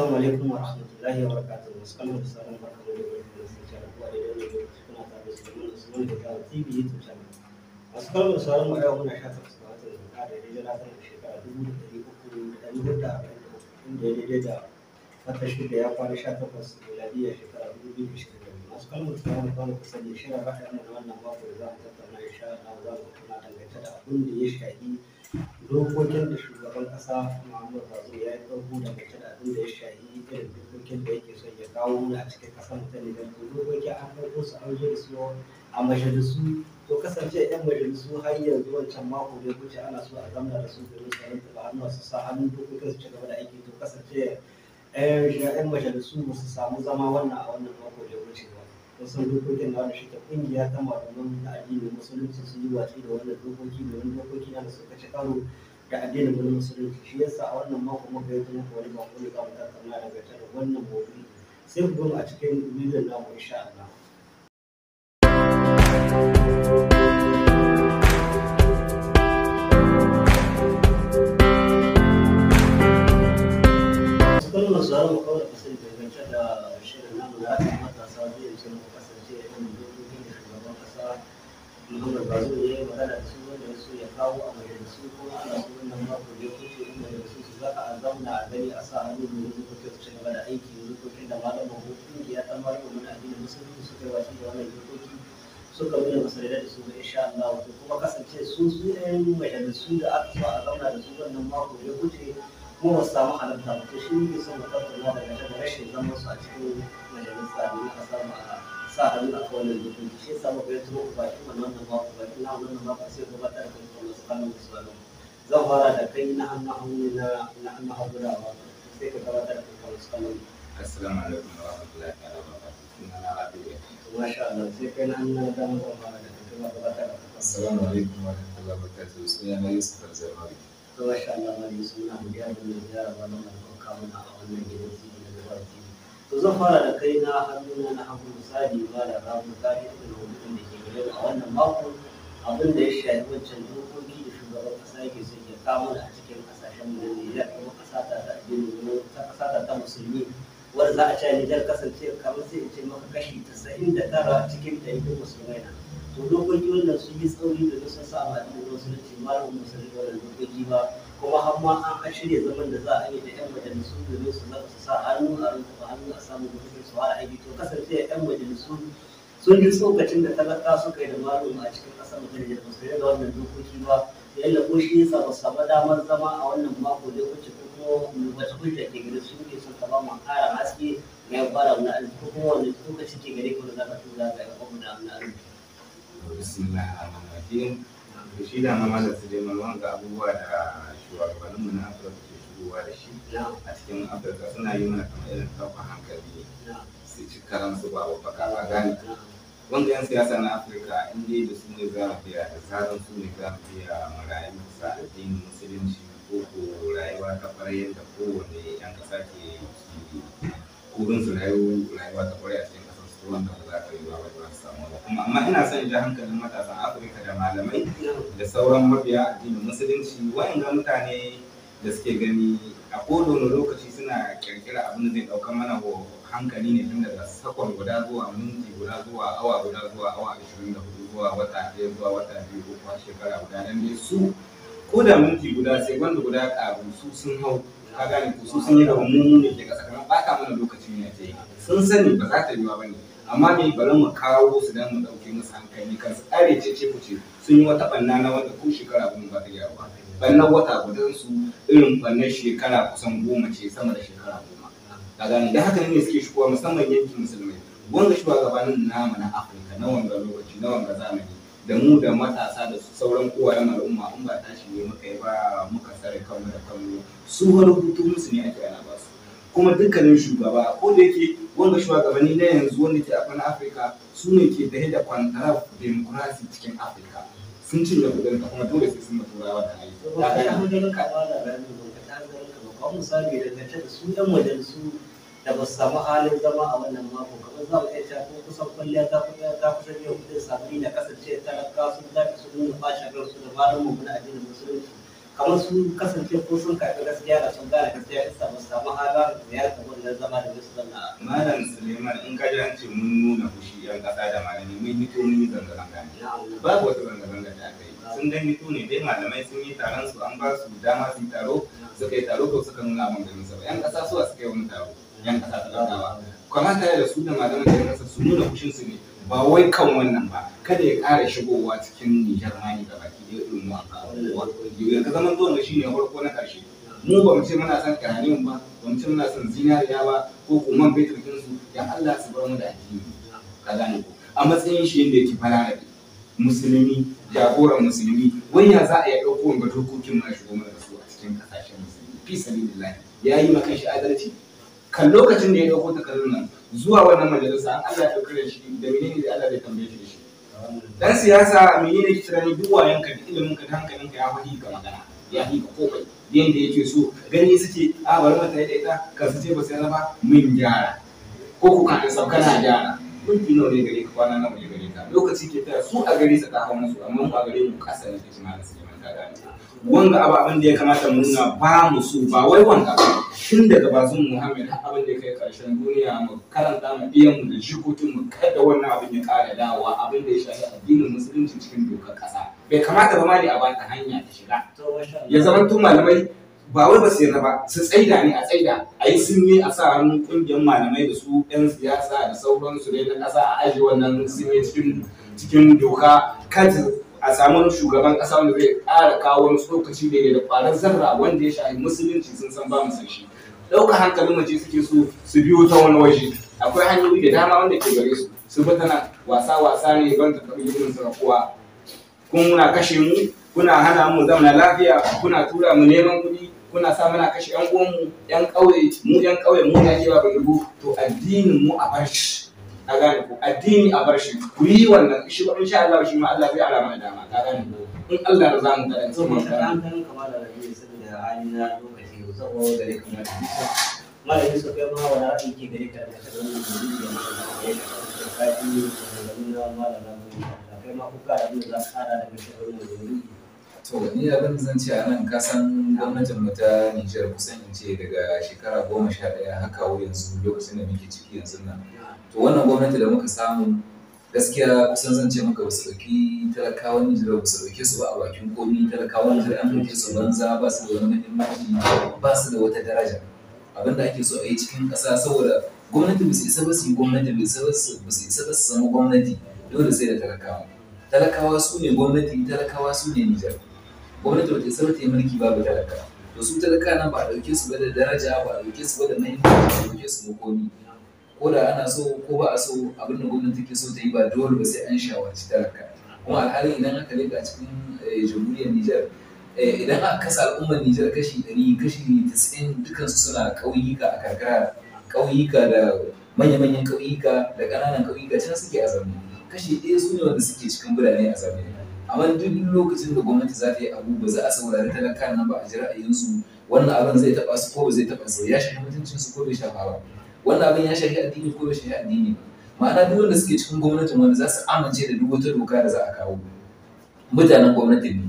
Assalamu alaikum wa rahmatullahi wa barakatuhu. Assalamu alaikum wa rahmatullahi wa barakatuhu. Kuna tare da Sulaiman Usman da Kawo TV YouTube channel. Masu kalmar sauran mu yau muna shafa su wata da da daidai na kan shekara dubu da ɗari uku da ɗari hudu da arba'in da uku inda ya daidai da wata ya kwana sha takwas miladiyya shekara dubu biyu da shirin masu kalmar sauran kwana kusa da shirin ra'ayin mu wannan mako da za mu tattauna insha Allah za mu tattauna dangance da abin da ya shafi dokokin da shugaban kasa Muhammadu Bazoum ya yi ɗauko mace da abin da ya shahi irin dokokin da yake son ya kawo muna a cikin kasar ta Nijar to dokoki an ɗauko su an zo da su a majalisu to kasance yan majalisu har yanzu wancan mako da wuce ana so a zamana da su domin su rinka ba hannu su sa hannun dokokin su ci gaba da aiki to kasance yan majalisu ba su samu zama wannan a wannan mako da wuce ba wasu dokokin na shi ta kungiya ta malaman na addini musulunci su yi watsi da wannan dokoki domin wani dokoki na da suka ci karo da addinin wani musulunci shi yasa a wannan mako muka yi kuma wani mako ne kamar ta kama daga ta da wannan mawuyi sai ku gama a cikin bidiyon namu insha Allah. Sukan masu haramu kawai da kasance da shirin namu na matasa biyu da Muhammad ba zai yi magana da su wanda ya so ya kawo a mai da kuma wannan mako da ya kuce za a zauna a gani a sa hannu domin da aiki yanzu ko da ta malamin na addinin suka yi wasu da wannan suka nuna masarai da su ga insha Allah to kuma kasance su su ɗayan majalisu da aka so a zauna da su wannan mako da ya kuce kuma ba su samu halarta ba to shi ne son mu tattauna daga rashin zama su a cikin majalisa domin a samu a أهل الأقوال المتن تشي سبب يترو وبايتم أن أن الله وبايتم أن أن الله تسير وبتر في القرآن سبحانه وتعالى زهرة كين أن أنهم من أن أن هؤلاء تسير وبتر في القرآن سبحانه وتعالى السلام عليكم ورحمة الله وبركاته ما شاء الله تسير كين أن أن هؤلاء تسير وبتر في القرآن السلام عليكم ورحمة الله وبركاته to fara da kai na hannuna na hagu misali ba da ramu zafi da rubutun da ke gare a wannan mako abin da ya shafi wancan dokoki da shugaban kasa yake son ya kawo a cikin kasashen mu na Nijar kuma kasa ta ta addini ta kasa ta musulmi wanda za a ci Nijar kasance kamar sai in ce maka kashi 99 cikin 100 musulmai na to dokoki wannan sun yi tsauri da sun sa ma addinin musulunci malamin musulmi wannan dokoki ba kuma har ma an shirya zaman da za a yi da 'yan majalisu domin su zaka su sa hannu a rubuta hannu a samu mutum su fara aiki to kasance 'yan majalisu sun yi tsokacin da talaka suka yi da malum a cikin ƙasar majalisar ba su da wannan dokoki ba da yadda ko shi yasa ba su samu damar zama a wannan mako da wuce ko kuma wata hujja ke gari su ne sun taɓa mu ƙara haske na yau fara wani arziki ko kuma wani lokaci ke gari ko da za ka tura ga yau da wani ar-Rahim. shi da mamalar su je mamman ga abubuwa da shugabanninmu na afirka ke shigowa da shi a cikin afirka suna yi mana kamar irin ɗaukar hankali su ci karansu su ba faka ba gani wanda yan siyasa na afirka in dai da su ne za mu biya da zaran su ne za a biya marayu bisa addinin musulunci ko ko rayuwa ta farai yadda kowane yan ƙasa ke kurin su rayuwa ta farai a cikin ruwan ka ba za ka yi ba ba za samu ba kuma amma ina son ji hankalin matasan afirka da malamai da sauran mabiya addinin musulunci wa'anda mutane da suke gani a kowane lokaci suna kirkira abin da zai ɗauka mana hankali ne tun daga sakon guda zuwa minti guda zuwa awa guda zuwa awa ashirin da hudu zuwa wata ɗaya zuwa wata biyu ko kuma shekara guda nan dai su ko da minti guda sai wanda guda ƙaru su sun hau ka gane ko su sun yi da mu ne ke ƙasa kamar ba ka mana lokaci ne ta yi sun sani ba za ta yi ba ne amma ne bari mu kawo su dan mu dauke musu hankali kan su are ce ce kuce sun yi wata banna na wata ko shekara kuma ba ta yawa banna wata gudan su irin banna shekara kusan goma ce sama da shekara goma ka gani. da haka ne suke shigowa musamman yankin musulmai wanda shugabannin namu na Afirka na wanga lokaci na wanga zamani da mu da matasa da sauran kowayen al'umma in ba tashi ne muka yi ba muka tsare kanmu da kanmu su wani hutu musu ne ake ana ba su kuma dukkanin shugaba ko da yake wanda shugabanni na yanzu wanda ke afirka afirka su ne ke dahe da kwantarar demokrasi cikin afirka sun cinye kudin ta kuma dole sai sun da turawa da ayi misali dangance da su yan wajen su da ba su samu halin zama a wannan mako kamar za mu iya cewa ko kusan kwalliya ta kuɗi ta kusan biyan kuɗin sabani na kasance talaka sun tafi su nuna fashe su da malamin mu na addinin musulunci kamar sun kasance ko sun karɓi gaskiya da sun gane gaskiya isa ba su samu halarar ziyartar wannan zama da su zanna malam suleiman in ka ji an ce mun nuna fushi yan ƙasa da malami mun yi to mun yi zanga-zanga ne babu wata zanga-zanga da aka yi sun dan yi to ne dai malamai sun yi taron su an ba su dama su yi taro suka yi taro ko suka nuna abin ganin sa yan ƙasa suwa suka yi wani taro yan ƙasa talakawa kamata ya da su da malamai da yan ƙasa su nuna fushin ne ba wai kan wannan ba kada ya ƙara shigowa cikin nijar mani da baki da irin wannan ka zaman zuwan shi ne farko na ƙarshe mu ba mu ce muna son ƙaranium ba ba mu ce muna son zinariya ba ko kuma fetur su ya Allah su bar mu da addini ka gane ko a matsayin shi yadda yake fara da musulmi jagoran musulmi wai ya za a yi ɗauko ga dokokin mana shigo mana su a cikin ƙasashen musulmi fi sabilillah ya yi ma shi adalci kan lokacin da ya ɗauko takardun nan zuwa wannan majalisa an Allah ya kare shi da menene da Allah zai tambaye shi shi dan siyasa menene yake tunani duk wayan ka ilimin ka hankalin ka ya fadi ka magana ya yi ka kofai yanda yake so gani suke a ah, bari mata ya daita ka su ce ba sai ba min gyara ko ku ka sauka na gyara hukunci nawa ne gare ka kwana nawa ne gare ka lokaci ke tara su a gare su ka hau musu amma ba a gare mu kasa ne kake malam Suleiman ka gane wanda abu abin da ya kamata mu nuna ba mu su ba wai wanga tun daga bazin Muhammad har abin da kai karshen duniya mu karanta mu biyan mu da jikokin mu kada wannan abin ya kara dawa abin da ya shafi addinin musulunci cikin dokar kasa bai kamata ba ma ne a ta hanya ta shiga ya zama tun malamai ba wai ba su yarda ba su tsaida ne a tsaida a yi sinmi a sa hannun kungiyar malamai da su yan siyasa da sauransu ne na ƙasa a ajiye wannan sinmi cikin cikin doka kanta a samu shugaban ƙasa wanda zai ƙara kawo wani tsokaci da ya da ƙwarar zarra wanda ya shafi musulunci sun san ba mu san shi ɗaukar hankalin mace suke so su biyo ta wani waje akwai hanyoyi da dama wanda ke gare su su bi tana wasa wasa ne ban ta taɓa gidan sarakuwa kun muna kashe mu kuna hana mu zauna lafiya kuna tura mu neman kuɗi kuna sa muna kashe yan uwanmu yan kauye mu yan kauye mu ya ba rubu to addinin mu a bar shi ka gane ko addini a bar shi ku yi wannan shi in sha Allah shi ma Allah zai alama da dama ka gane ko in Allah da zamu mu ga to mun ga da rabi saboda hali na lokaci zan gare kamar da shi malami so kai ma wala ra'ayi ke gare ka da ka da zuciya ma da ka yi da ka yi da kai ma kuka da za ka fara da shawarar da to ni abin zan ce a nan kasan gwamnatin mu ta Nijar kusan in ce daga shekara goma sha ɗaya haka yanzu lokacin da muke ciki yanzu nan to wannan gwamnati da muka samu gaskiya kusan zan ce muka basu ɗauki talakawan Nijar basu ɗauke su ba a bakin komi talakawan Nijar an ɗauke su banza ba su da wani muhimmanci ba su da wata daraja abin da ake so a yi cikin ƙasa saboda gwamnati ba su isa ba su yi gwamnati ba su isa ba su samu gwamnati dole sai da talakawa talakawa su ne gwamnati talakawa su ne Nijar gwamnati wata isa ta yi mulki babu talaka to su talaka na ba a ɗauke su ba da daraja ba a ɗauke su ba da mahimmanci ba ɗauke su ba ko da ana so ko ba a so abin da gwamnati ke so ta yi ba dole ba sai an shawarci talaka kuma alhali idan aka leka a cikin eh, jamhuriyar Nijar eh, idan aka kasa al'ummar Nijar kashi ɗari kashi 90 dukansu suna ƙauyuka a karkara ƙauyuka da manya-manyan ƙauyuka da ƙananan ƙauyuka can suke a zaune kashi ɗaya su ne wanda suke cikin birane a zaune amma duk lokacin da gwamnati za ta yi abu ba za a saurari talakar nan ba a ji ra'ayinsu wannan abin zai taɓa su ko ba zai taɓa su ya shafi mutuncin su ko bai shafa ba wannan abin ya shafi addini ko bai shafi addini ba ma'ana duk wanda suke cikin gwamnatin wanda za su amince da duk wata doka da za a kawo mutanen gwamnatin ne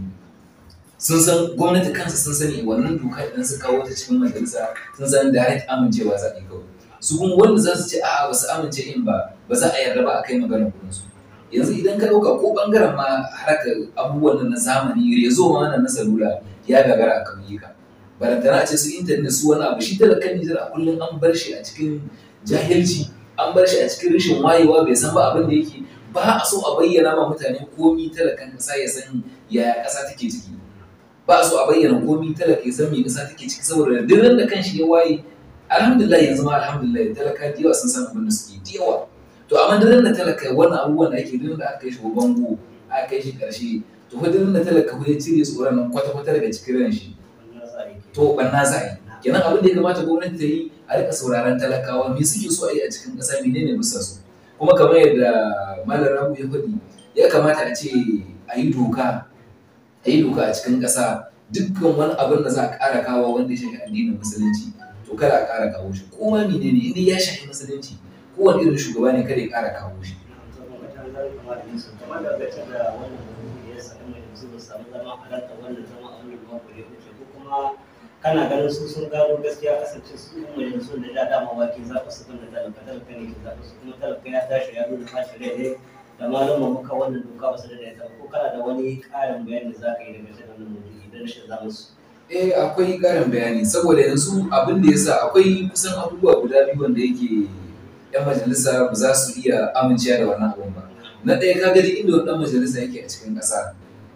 sun san gwamnati kansa sun sani wannan doka idan su kawo ta cikin majalisa sun san direct amincewa za a yi kawai su kuma wanda za su ce a'a ba su amince in ba ba za a yarda ba a kai maganar gurinsu yanzu idan ka ɗauka ko ɓangaren ma harkar abubuwan na zamani ya ma nan na salula ya gagara a kauyuka barantana a ce su intanet su wani abu shi talakan nijar a kullum an bar shi a cikin jahilci an bar shi a cikin rashin wayewa bai san ba abin da yake ba a so a bayyana ma mutane komi talakan kasa ya san yaya kasa take ciki ba a so a bayyana komi talaka ya san me kasa take ciki saboda duk da kan shi ya waye alhamdulillah yanzu ma alhamdulillah talaka da yawa sun san abin da suke da yawa to amma duk da talaka wannan abubuwan da ake duk da aka yi shi bango aka kai shi karshe to fa duk da talaka ku ya cire tsoron nan kwata kwata daga cikin ran shi to banna za a yi kenan abin da ya kamata gwamnati ta yi a rika sauraron talakawa me suke so a yi a cikin ƙasa menene musa su kuma kamar yadda malam rabu ya faɗi ya kamata a ce a yi doka a yi doka a cikin ƙasa dukkan wani abin da za a ƙara kawo wanda ya shafi addinin musulunci to kada a ƙara kawo shi kuma menene in ya shafi musulunci kowane irin shugaba ne kada ya ƙara kawo shi kana ganin su sun gano gaskiya kasance su yin majalisun da da dama ba ke zaɓa su kan da talaka talaka ne ke zaɓa su kuma talaka ya tashi ya nuna tashi rai da malama muka wannan doka ba su da ta ko kana da wani ƙarin bayani da za ka yi daga cikin wannan mutum idan shi za su. eh akwai ƙarin bayani saboda yanzu abin da ya sa akwai kusan abubuwa guda biyu wanda yake 'yan majalisa ba za su iya amincewa da wannan abin ba na ɗaya ka gaji inda wani ɗan majalisa yake a cikin ƙasa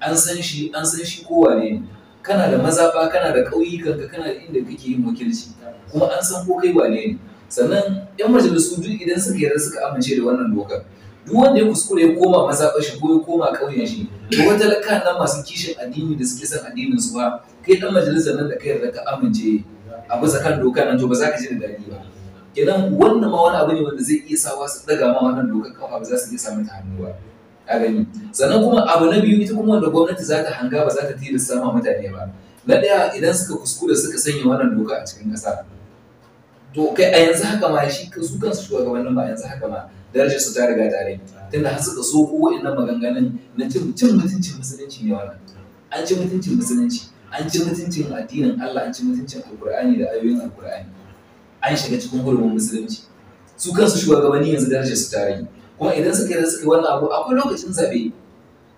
an san shi an san shi kowa ne kana da mazaɓa kana da ƙauyukanka kana da inda kake yin wakilci kuma an san ko kai wane ne sannan 'yan majalisu duk idan suka yarda suka amince da wannan dokar duk wanda ya kuskure ya koma mazaɓar shi ko ya koma ƙauyen shi to wata laka nan masu kishin addini da suke son addinin su ba kai ɗan majalisar nan da ka yarda ka amince a bisa kan doka nan to ba za ka ji da daɗi ba kenan wannan ma wani abu ne wanda zai iya sawa su daga ma wannan dokar kafa ba za su iya samun ta hannu ba a gani sannan kuma abu na biyu ita kuma wanda gwamnati za ta hanga ba za ta tilasta sama mutane ba na daya idan suka kuskure suka sanya wannan doka a cikin kasa to kai a yanzu haka ma shi ka su kansu shugabannin ba a yanzu haka ma darajar su ta riga ta rai tunda har suka so ko wa'annan maganganun na cin mutuncin musulunci ne wannan an ci mutuncin musulunci an ci mutuncin addinin Allah an ci mutuncin alkur'ani da ayoyin alkur'ani an shiga cikin gurbin musulunci su kansu shugabanni yanzu darajar su tare kuma idan suka yi suka wannan abu akwai lokacin zabe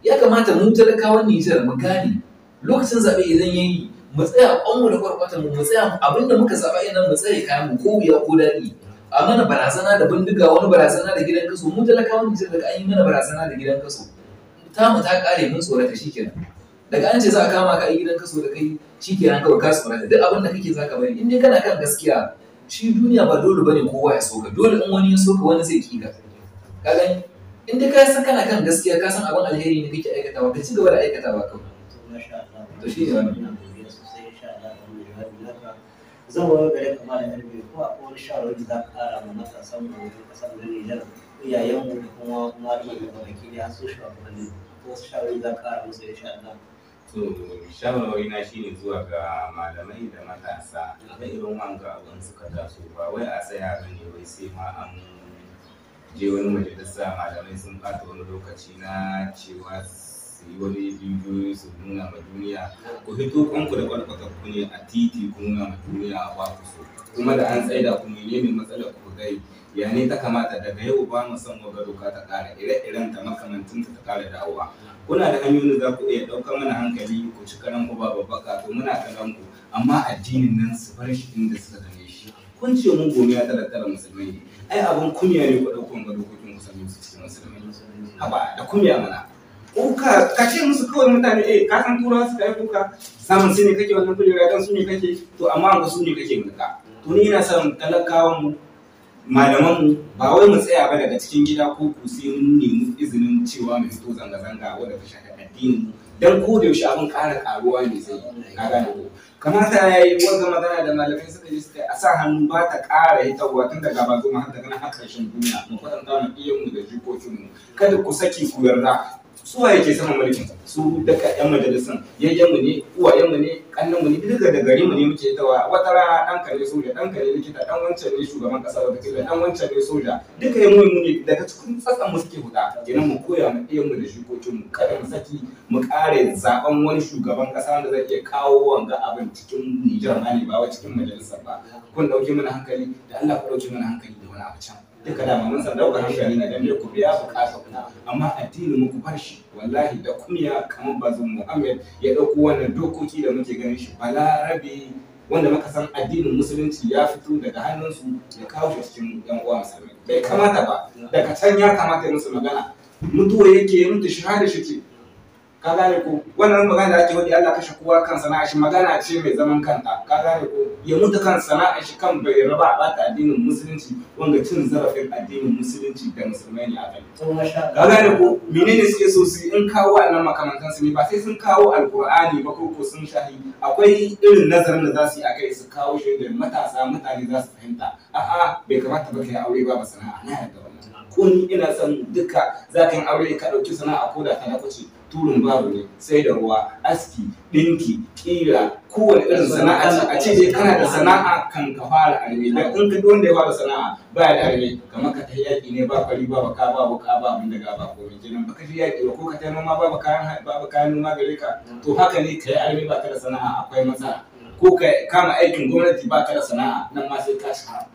ya kamata mu talakawan Nijar mu gane lokacin zabe idan yayi mu tsaya kwanmu da kwarkwatan mu tsaya abinda muka zaba idan mu tsaye kayan mu ko wuya ko daɗi a mana barazana da bindiga wani barazana da gidan kaso mu talakawan Nijar daga an yi mana barazana da gidan kaso ta mu ta kare mun tsorata shikenan daga an ce za a kama ka a gidan kaso da kai shikenan kawai ka tsorata duk abin da kake zaka bari in dai kana kan gaskiya shi duniya ba dole bane kowa ya soka dole in wani ya soka wani zai kika ka gani in dai ka san kana kan gaskiya ka san abin alheri ne kake aikatawa ka ci gaba da aikatawa kawai to shi ne wannan zan wayo gare ka malam yarbe ko a kowane shawarar da za ka kara ma matasan mu wajen kasar da Nijar iyayen mu da kuma malamin da baki da su shugabanni ko wasu shawarar da za ka kara musu insha Allah so shawarwari na shine zuwa ga malamai da matasa da irin wanga abin suka taso ba wai a tsaya ba ne wai sai ma an je wani majalisa malamai sun fata wani lokaci na cewa su yi wani bidiyoyi su nuna ma duniya ku hito kanku da kwarkwata ku ne a titi ku nuna ma duniya a ku so kuma da an tsaida ku menene matsalar ku gai ya ne ta kamata daga yau ba mu san waga doka ta ƙara ire-iren ta makamantin ta ƙara dawowa kuna da hanyoyin za ku iya ɗaukar mana hankali ku ci karan ku ba ka to muna karan ku amma addinin nan su bar shi inda suka gane shi kun ce mu gomiya tara tara musulmai ai abin kunya ne ku ɗaukar ga dokokin musulmai, su cikin musulmai haba da kunya mana kuka ka ce musu kawai mutane eh ka san turawa su yi kuka samun su ne kake wannan kujera dan su ne kake to amma ga su ne kake mulka to ni ina son talakawan mu malaman mu ba wai mu tsaya ba daga cikin gida ko ku sai mun nemi izinin cewa mu fito zanga zanga wanda ta shaka addinin mu dan ko da yaushe abin ƙara karuwa ne zai ka gane ko kamata ya yi wanda magana da malamai suka ji suka a sa hannu ba ta ƙara yi tabuwa tun daga ba zuwa har daga nan har ƙarshen duniya mu kwatanta mu da jikokinmu kada ku saki ku yarda su waye ke saman mulkin su daga yan majalisan yayyan mu ne uwayen mu ne kannan mu ne daga da gari mu ne muke tawa wata rana dan kare soja dan kare likita dan wancan ne shugaban kasa da kake dan wancan ne soja duka yayin mu ne daga cikin tsatsan mu suke huda kenan mu koya mu iyan mu da shukokin mu kada mu saki mu kare zaben wani shugaban kasa wanda zai iya kawo wanga abin cikin Nijar ma ne ba cikin majalisar ba kun dauke mana hankali da Allah ku dauke mana hankali da wani abu can duka da mun san dauka hankali na dan ku biya bukata kuna amma addini muku bar shi wallahi da kunya kamar bazin Muhammad ya dauko wannan dokoki da muke ganin shi balarabi wanda muka san addinin musulunci ya fito daga hannunsu ya kawo shi cikin yan uwa musulmi bai kamata ba daga can ya kamata musu magana mutuwa yake mutu shahada shi ce ka gane ko wannan magana da ake wadi Allah kashe kowa kan sana'a shi magana ce mai zaman kanta ka gane ko ya mutu kan sana'a shi kan bai raba ba ta addinin musulunci wanda cin zarafin addinin musulunci da musulmai ne a kai ka gane ko menene suke so su in kawo wannan makamantan su ne ba sai sun kawo Alkur'ani, ba ko sun shahi akwai irin nazarin da za su yi a kai su kawo shi da matasa mutane za su fahimta a'a bai kamata ba kai aure ba ba sana'a na yadda wannan ko ni ina son duka yi aure ka ɗauki sana'a ko da ta na kuce turun babu ne sai da ruwa aski ɗinki ƙira kowane irin sana'a a ce dai kana da sana'a kan ka fara arme dan in ka wanda ya fara sana'a baya da arme kamar ka tafi yaƙi ne ba fari ba baka ba buka ba mun daga ba ko komai kenan baka fi yaƙi ba ko ka tafi noma ba kayan ba kayan noma gare ka to haka ne ka yi arme ba ka da sana'a akwai matsala ko ka kama aikin gwamnati ba ka da sana'a nan ma sai ka shahara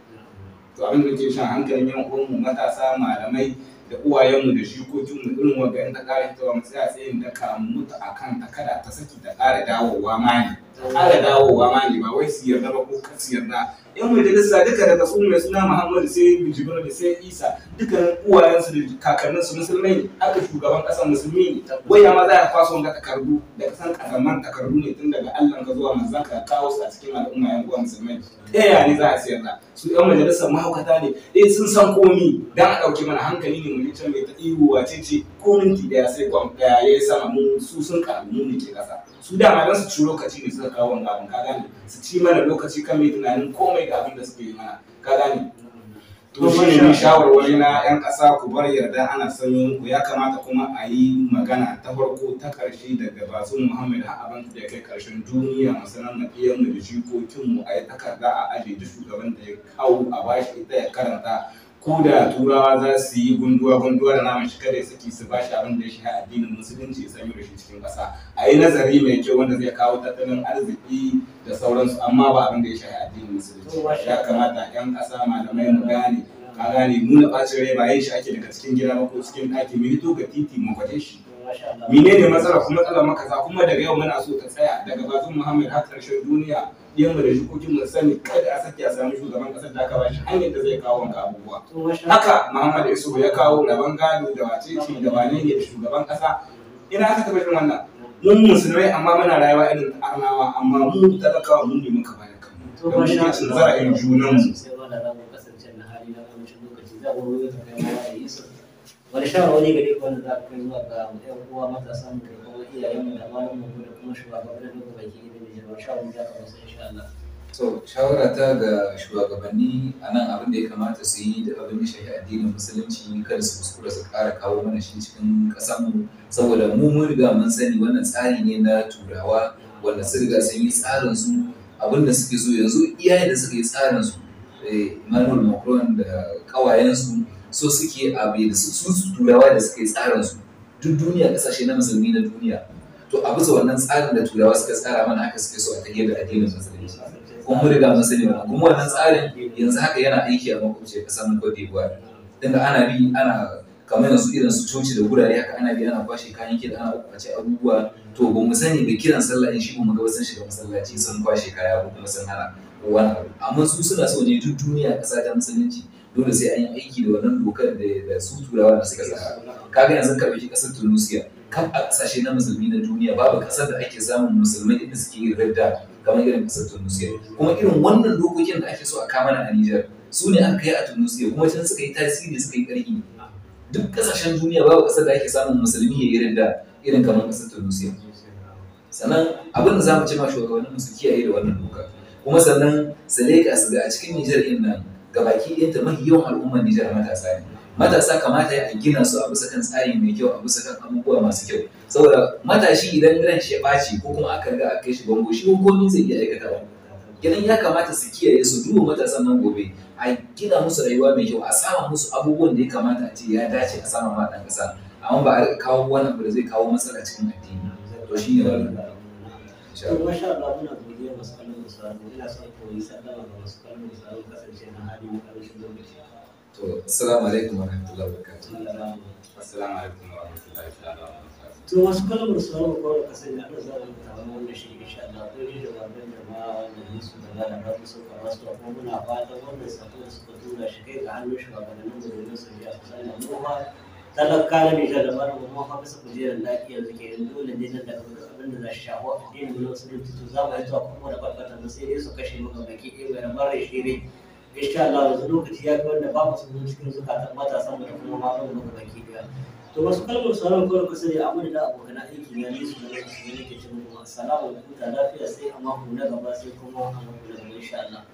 to abin da ke shan hankalin yan uwanmu matasa malamai da uwayenmu da jikokinmu irin wanda in ta ƙara fitowa mu tsaya tsayin da ka mutu a kan ta kada ta saki da ƙara dawowa ma ne ƙara dawowa ma ne ba wai su yarda ba ko kan su yarda yan majalisa duka daga su mai suna muhammadu sai bijibir da sai isa dukkanin uwayensu da kakanninsu musulmai aka shugaban ƙasar musulmi ne waya ma za a kwaso wanda takardu da kasan kasamman takardu ne tun daga allah ka zuwa manzan ka kawo su a cikin al'umma yan uwa musulmai ɗaya ne za a sayar da su yan majalisa mahaukata ne eh sun san komi dan a ɗauki mana hankali ne mun can mai ta ihu wace ce ko minti ɗaya sai kwan ɗaya ya yi sama mun su sun ƙaru mun ne ke ƙasa su da ma su ci lokaci ne suka kawo wanga abin kaga ne, su ci mana lokaci kan mai tunanin komai da abin da suke yi mana kaga ne. to shi ne shawarwari na yan ƙasa ku bar yarda ana sanyo ku ya kamata kuma a yi magana ta farko ta ƙarshe daga basu muhammad har abin da kai ƙarshen duniya masanan na iyan mu da jikokin mu a yi takarda a ajiye duk shugaban da ya kawo a bashi ita ya karanta ko da turawa za su yi gunduwa gunduwa da naman shi kada ya saki su bashi abin da ya shiga addinin musulunci ya yi rashin cikin kasa. a yi nazari mai kyau wanda zai kawo tattalin arziki da sauransu amma ba abin da ya shiga addinin musulunci ya kamata 'yan ƙasa malamai mu gane ka gane nuna ɓacin rai ba yin shi ake daga cikin gida ba ko cikin ɗaki mu hito ga titi mu gwaje shi ne matsala kuma matsalar makasa kuma daga yau muna so ta tsaya daga bazin muhammad har ƙarshen duniya mu da jikokin mu sani kada a sake a samu shugaban kasar da aka hanyar da zai kawo wanka abubuwa haka Muhammad Isu ya kawo rabon gado da ce da wane ne da shugaban kasa ina aka taba jin wannan mun musulmai amma muna rayuwa irin arnawa amma mu talakawa mun ne muka bayar kanmu da muke cin zarafin junanmu wani shawarwari wanda za ka kai zuwa ga yan uwa matasan mu da kuma iyayen mu da malaman mu da kuma shugabannin da baki da Nijar wani shawarwari ka musu insha Allah so shawara ta ga shugabanni a nan abin da ya kamata su yi da abin da shafi addinin musulunci kada su kuskura su ƙara kawo mana shi cikin ƙasarmu saboda mu mun riga mun sani wannan tsari ne na turawa wanda su riga sun yi tsarin su abin da suke so yanzu iyayen da suka yi tsarin su eh, Emmanuel Macron da ƙawayensu so suke abu da su su turawa da suka yi tsarin su duk duniya kasashe na musulmi na duniya to a bisa wannan tsarin da turawa suka tsara mana haka suke so a tage da addinin musulunci kuma mun riga mun sani kuma kuma wannan tsarin yanzu haka yana aiki a makwabci kasar mu Cote d'Ivoire ga ana bi ana kamar yanzu irin su coci da gurare haka ana bi ana kwashe kayan kiɗa ana kwace abubuwa to ba mu sani da kiran sallah in shi ba mu ga wasan shiga masallaci sun kwashe kaya ko kuma sun hana wani abu amma su suna so ne duk duniya ƙasa ta musulunci dole sai an yi aiki da wannan dokar da da su turawa da suka saka kaga yanzu ka shi kasar tunisia kan a kasashe na musulmi na duniya babu kasar da ake samun musulmai inda suke yin radda kamar irin kasar tunisia kuma irin wannan dokokin da ake so a kama na Niger su ne aka yi a tunisia kuma can suka yi tasiri suka yi karfi duk kasashen duniya babu kasar da ake samun musulmi ya yi radda irin kamar kasar tunisia sannan abin da za mu ce ma shugabannin su kiyaye da wannan doka kuma sannan su leƙa su ga a cikin nijar din nan gabaki ɗaya ta mafi yawan al'ummar Nijar matasa ne matasa kamata a gina su a bisa kan tsari mai kyau a bisa kan abubuwa masu kyau saboda matashi idan ran shi ya ɓaci ko kuma a ga a kai shi bango shi komai zai iya aikata ba. Gidan ya kamata su kiyaye su duba matasan nan gobe a gina musu rayuwa mai kyau a sama musu abubuwan da ya kamata a ce ya dace a sama ma ɗan ƙasa amma ba a kawo wani abu da zai kawo matsala cikin addini to shi ne wannan to masha Allah muna godiya masu kallon da sauraro ina son koyi sallama ga masu kallon da sauraro kasance na hali na karshen lokaci to assalamu alaikum wa rahmatullahi wa barakatuh assalamu alaikum wa rahmatullahi wa barakatuh to masu kallon da sauraro ko da kasance ana zama da taron wannan shi insha Allah ko ne da wannan da ma wannan su da ba da ba su ka wasu muna fatan wannan sako da suka tura shi kai ga hannun shugabannin da zai sanya su sanya mu talaka na bisa da mara mu fa bisa kujerar lafiya suke yin dole ne nan da abin da za shi shawo a dinin da wasu rubutu to za mu yi zuwa kuma da barbatar da sai dai su kashe maka baki ɗaya mai ramar da shi ne insha Allah yanzu lokaci ya fi wanda ba mu sun cikin zukatan matasan mu da kuma matan mu baki ɗaya to wasu kalmar sauran kawai kusa ne ya da da abokan aiki na ne su da su ne ke cin mu assalamu da kuta lafiya sai a mako na gaba sai kuma a mako na gaba insha Allah